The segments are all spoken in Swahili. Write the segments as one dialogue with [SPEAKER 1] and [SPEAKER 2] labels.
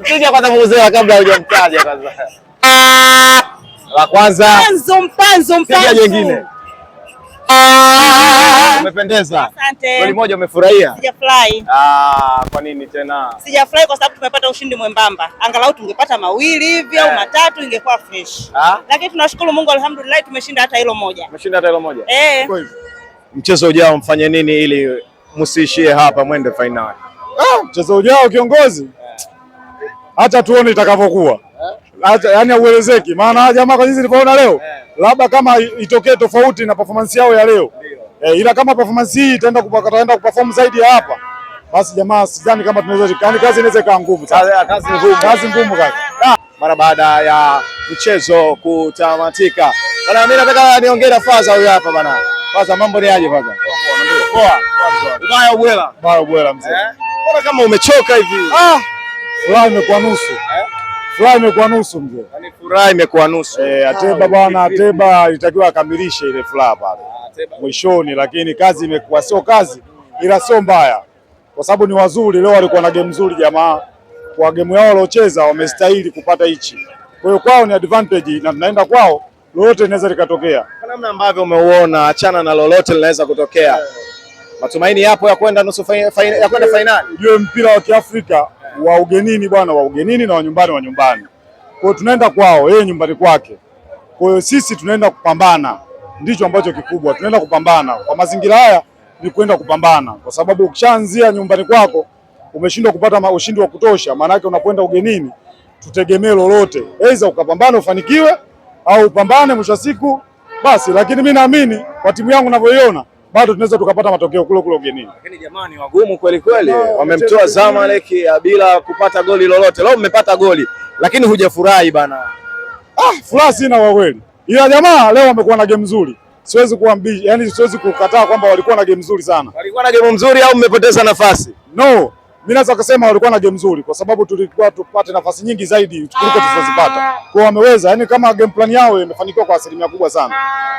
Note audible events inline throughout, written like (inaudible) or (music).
[SPEAKER 1] Mteja kwanza muzewa kabla hujamtaja kwanza. La kwanza.
[SPEAKER 2] Panzo Mpanzo mpanzo
[SPEAKER 1] mpanzo. Jingine. Ah. Umependeza. Asante. Goli moja umefurahia?
[SPEAKER 2] Sijafurahi.
[SPEAKER 1] Ah, kwa nini tena?
[SPEAKER 2] Sijafurahi kwa sababu tumepata ushindi mwembamba. Angalau tungepata mawili hivi au eh. matatu ingekuwa fresh. Ah. Lakini tunashukuru Mungu alhamdulillah tumeshinda hata hilo moja.
[SPEAKER 1] Tumeshinda hata hilo moja. Eh. Mchezo ujao mfanye nini ili msiishie hapa mwende fainali?
[SPEAKER 3] Ah, mchezo ujao kiongozi. Eh. Hata tuone itakavyokuwa hata, yani hauelezeki. Maana jamaa kwa jinsi nilivyoona leo, eh. labda kama itokee tofauti na performance yao ya leo E, ila kama performance hii itaenda kupataenda kuperform zaidi ya hapa, basi jamaa sidhani kama tunaweza yani, kazi inaweza ikawa ngumu,
[SPEAKER 1] kazi ngumu, kazi ngumu kazi. Ah, mara baada ya mchezo kutamatika bana. Mimi nataka niongee na Faza huyu hapa bana. Faza, mambo ni aje Faza? Poa. Ubaya ubwela.
[SPEAKER 3] Ubaya ubwela mzee. Eh?
[SPEAKER 1] Mbona kama umechoka hivi?
[SPEAKER 3] Ah. Furaha imekuwa nusu. Eh? Furaha imekuwa nusu mzee. Yaani
[SPEAKER 1] furaha imekuwa nusu.
[SPEAKER 3] Eh, Ateba bwana, Ateba alitakiwa akamilishe ile furaha pale ah, mwishoni, lakini kazi imekuwa sio kazi, ila sio mbaya kwa sababu ni wazuri. Leo walikuwa na game nzuri jamaa, kwa game yao waliocheza wamestahili kupata hichi. Kwa hiyo kwao ni advantage, na tunaenda kwao, lolote linaweza likatokea.
[SPEAKER 1] Kwa namna ambavyo umeuona, achana na lolote linaweza kutokea. Matumaini yapo ya kwenda nusu fainali, ya kwenda fainali.
[SPEAKER 3] Ndio mpira wa Kiafrika wa ugenini bwana wa ugenini na wa nyumbani wa nyumbani. Kwa hiyo tunaenda kwao, yeye nyumbani kwake. Kwa hiyo sisi tunaenda kupambana, ndicho ambacho kikubwa, tunaenda kupambana kwa mazingira haya, ni kwenda kupambana, kwa sababu ukishaanzia nyumbani kwako umeshindwa kupata ushindi wa kutosha, maana yake unakwenda ugenini, tutegemee lolote, aidha ukapambana ufanikiwe, au upambane mwisho wa siku basi. Lakini mi naamini kwa timu yangu ninavyoiona bado tunaweza tukapata matokeo kule kule ugenini.
[SPEAKER 1] Lakini jamani, wagumu kweli kweli, wamemtoa Zamalek bila kupata goli lolote. Leo mmepata goli, lakini hujafurahi bana.
[SPEAKER 3] Ah, furaha sina kwa kweli, ila jamaa leo wamekuwa na game nzuri siwezi kuambia, yani siwezi kukataa kwamba walikuwa na game nzuri sana.
[SPEAKER 1] Walikuwa na game nzuri au mmepoteza nafasi?
[SPEAKER 3] No, mimi naweza kusema walikuwa na game nzuri, kwa sababu tulikuwa tupate nafasi nyingi zaidi kuliko tulizozipata. Kwa wameweza, yani kama game plan yao imefanikiwa kwa asilimia kubwa sana,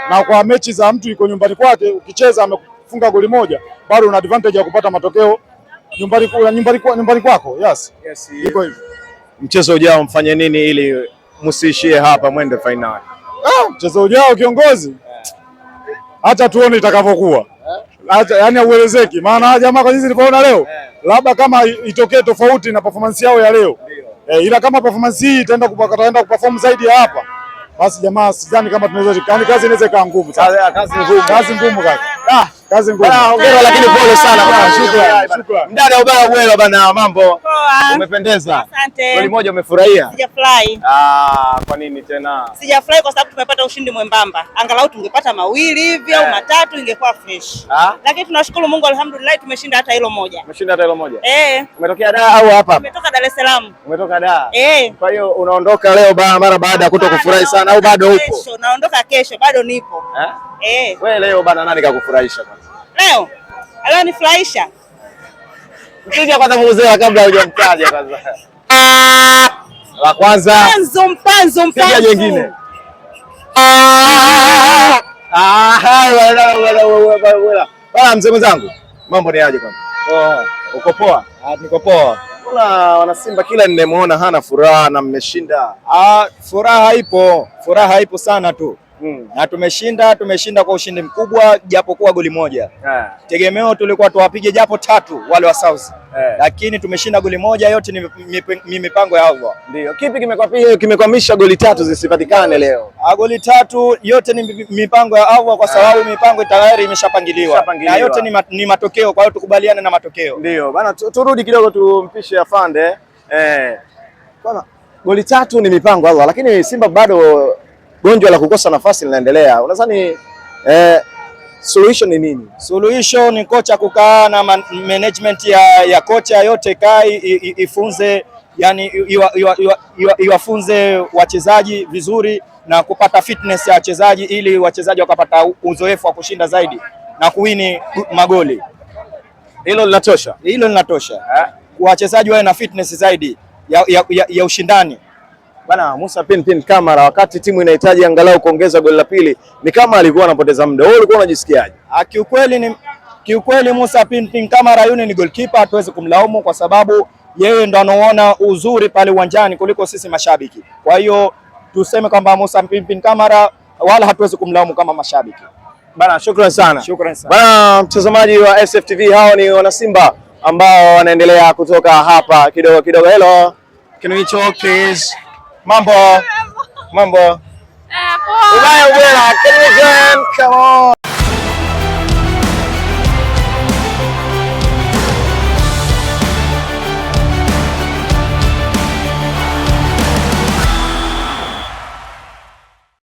[SPEAKER 3] na kwa mechi za mtu iko nyumbani kwake, ukicheza amefunga goli moja, bado una advantage ya kupata matokeo nyumbani kwa nyumbani kwa nyumbani kwako. Yes, yes, iko hivyo.
[SPEAKER 1] Mchezo ujao mfanye nini ili msiishie hapa, mwende fainali?
[SPEAKER 3] Ah, mchezo ujao kiongozi, acha tuone itakavyokuwa yaani hauelezeki, maana jamaa kwa jinsi nilivyoona leo, eh. labda kama itokee tofauti na performance yao ya leo eh, ila kama performance hii itaenda kupataenda kuperform zaidi ya hapa, basi jamaa sidhani kama tunaweza, kazi inaweza ikawa ngumu,
[SPEAKER 1] kazi ngumu, kazi ngumu ah Kazi ngumu. Hongera lakini pole sana bwana. Shukrani. Shukrani. Mdada ubaya bwela bana mambo. Poa. Umependeza. Asante. Goli moja umefurahia?
[SPEAKER 2] Sijafurahi.
[SPEAKER 1] Ah, kwa nini tena?
[SPEAKER 2] Sijafurahi kwa sababu tumepata ushindi mwembamba. Angalau tungepata mawili hivi au eh. matatu ingekuwa fresh. Ah? Lakini tunashukuru Mungu alhamdulillah tumeshinda hata hilo moja.
[SPEAKER 1] Umeshinda hata hilo moja. Eh. Umetokea Dar au hapa?
[SPEAKER 2] Umetoka Dar es Salaam.
[SPEAKER 1] Umetoka Dar. Eh. Kwa hiyo unaondoka leo mara baada ya kuto kufurahi sana au bado upo? Kesho
[SPEAKER 2] naondoka kesho bado nipo. Eh? Eh.
[SPEAKER 1] Wewe leo bana nani kakufurahisha?
[SPEAKER 2] leo alionifurahisha
[SPEAKER 1] mteja kwanza, muzea kabla hujamtaja kwanza, ah! la kwanza
[SPEAKER 2] mpanzu mpanzu
[SPEAKER 1] mpanzu, jengine bwana. Ah! Ah, mzee mwenzangu, mambo ni aje? Kwanza oh, uko poa? Niko poa. Mbona wanasimba kila nimemuona hana furaha na mmeshinda? Ah, furaha ipo, furaha ipo sana tu Mm. na tumeshinda, tumeshinda kwa ushindi mkubwa japokuwa goli moja yeah. Tegemeo tulikuwa tuwapige japo tatu wale wa South yeah. Lakini tumeshinda goli moja, yote ni mip, mipango ya Allah. Ndio. Kipi kimekwamisha kimekwamisha goli tatu zisipatikane ah, leo? A, ah, goli tatu yote ni mipango ya Allah kwa sababu yeah. mipango tayari imeshapangiliwa na yote ni, mat, ni matokeo, kwa hiyo tukubaliane na matokeo. Ndio bana, turudi kidogo tumpishe afande eh. Goli tatu ni mipango Allah, lakini Simba bado gonjwa la kukosa nafasi linaendelea. Unadhani eh, suluhisho ni nini?
[SPEAKER 3] Suluhisho ni kocha kukaa na management ya, ya kocha yote kai ifunze yani iwafunze wachezaji vizuri na kupata fitness ya wachezaji ili wachezaji wakapata uzoefu wa kushinda zaidi na kuwini magoli. Hilo linatosha, hilo linatosha. Wachezaji wawe na fitness zaidi ya, ya, ya, ya ushindani.
[SPEAKER 1] Bana Musa pin Kamara, wakati timu inahitaji angalau kuongeza goli la pili, ni kama alikuwa anapoteza muda. Wewe ulikuwa unajisikiaje?
[SPEAKER 3] Ah, kiukweli ni kiukweli, Musa pin kamera yule ni goalkeeper, hatuwezi kumlaumu kwa sababu yeye ndo anaona uzuri pale uwanjani kuliko sisi mashabiki. Kwa hiyo tuseme kwamba Musa pin kamera wala hatuwezi kumlaumu kama mashabiki.
[SPEAKER 1] Bana, shukrani sana. Shukrani sana. Bana, mtazamaji wa SFTV, hao ni wanasimba ambao wanaendelea kutoka hapa kidogo kidogo. Hello. Can we talk please? Mambo. (laughs) Mambo.
[SPEAKER 2] Eh, Apple.
[SPEAKER 1] Come on.